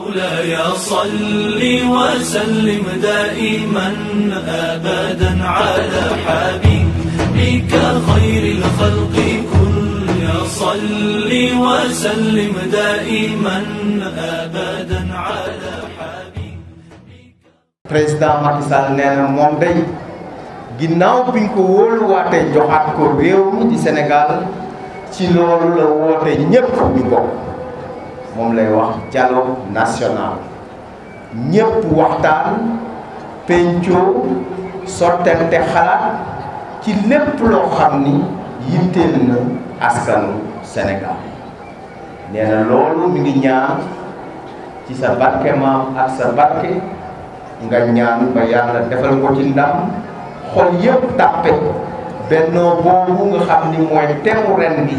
مولاي صل وسلم دائما ابدا على حبيبك خير الخلق كل صل وسلم دائما ابدا على حبيبك بريزدان ماكي سال نانا مونداي غيناو بينكو وول واتي جوخات كو ريو دي سينيغال ci loolu la woote ñëpp di bokk moom lay wax jaloo national ñépp waxtaan pencoo te xalaat ci lépp loo xam ni yitteel na askanu Sénégal nee na loolu mi ngi ci sa barke maam ak sa barke nga ñaan ba yàlla defal ko ci ndam xol yépp tàppe bennoo boobu nga xam ni mooy teewu ren bi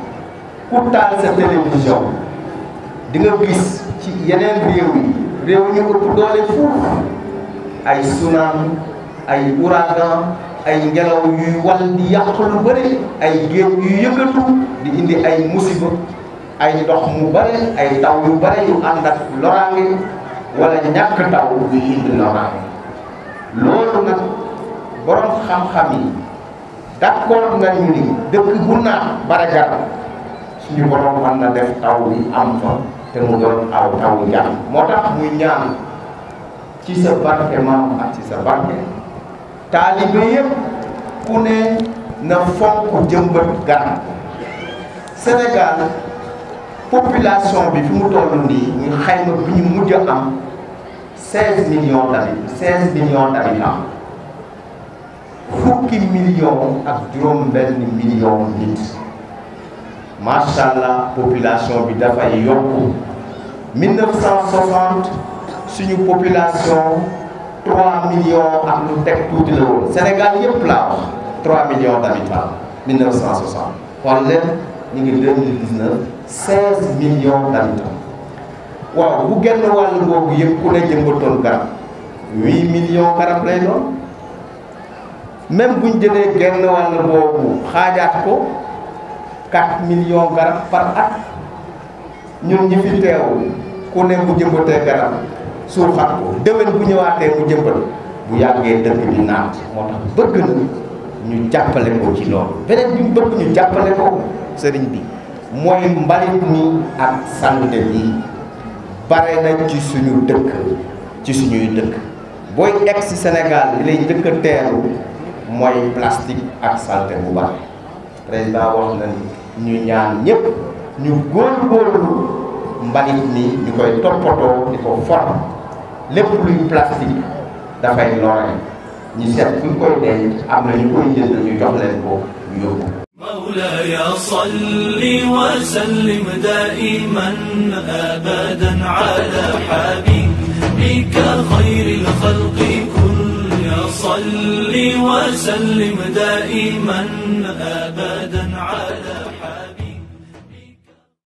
ku taal sa télévision di nga gis ci yeneen réew yi réew ñu ëpp doole foofu ay tsunami ay ouragan ay ngelaw yuy wal di yàq lu bëri ay géej yuy yëkkatu di indi ay musiba ay ndox mu bëri ay taw yu bëri yu ànd ak loraange wala ñàkk taw yu indi loraange loolu nag borom xam-xam yi d'accord nga ñu ni dëkk bu bara garab suñu borom na def taw bi am fa te mu doon aw taw jàmm moo tax muy ñaan ci sa barke maam ci sa barke ku ne na fonk jëmbat garab Sénégal population bi fi mu toll nii ñu xayma bi ñu mujj am 16 millions d'habitants 16 millions d'habitants fukki millions ak juróom benn million nit Masha'allah, population bi dafay Yoko. 1960 suñu population 3 millions ak lu teg tout le woon Sénégal yëpp laa 3 millions d'habitants 1960 En l'an 2019 16 millions d'habitants waaw bu genn wàll boobu yëpp ku ne jëmbatoon 8 millions de lay même vous jëlee genn wàll boobu xaajaat ko. 4 millions garab par at ñun ñi fi teew ku ne mu garab suuf xam ko bu ñëwaatee mu jëmbat bu yàggee dënk bi naat moo tax bëgg na ñu jàppale ko ci loolu beneen bi mu bëgg ñu jàppale ko sëriñ bi mooy mbalit mi ak sànde yi bare nañ ci suñu dëkk ci suñuy dëkk booy egg si Sénégal li lay njëkk mooy plastique ak saleté bu baax président wax na ni ñu ñaan ñëpp ñu góorgóorlu mbalit mi ñu koy toppatoo di ko for lépp luy plastique dafay lore ñu seet fuñ koy denc am na ñu koy jënd ñu jox leen ko ñu yóbbu مولاي صل وسلم دائما ابدا على حبيبك خير الخلق كل صل وسلم دائما ابدا على حبيبك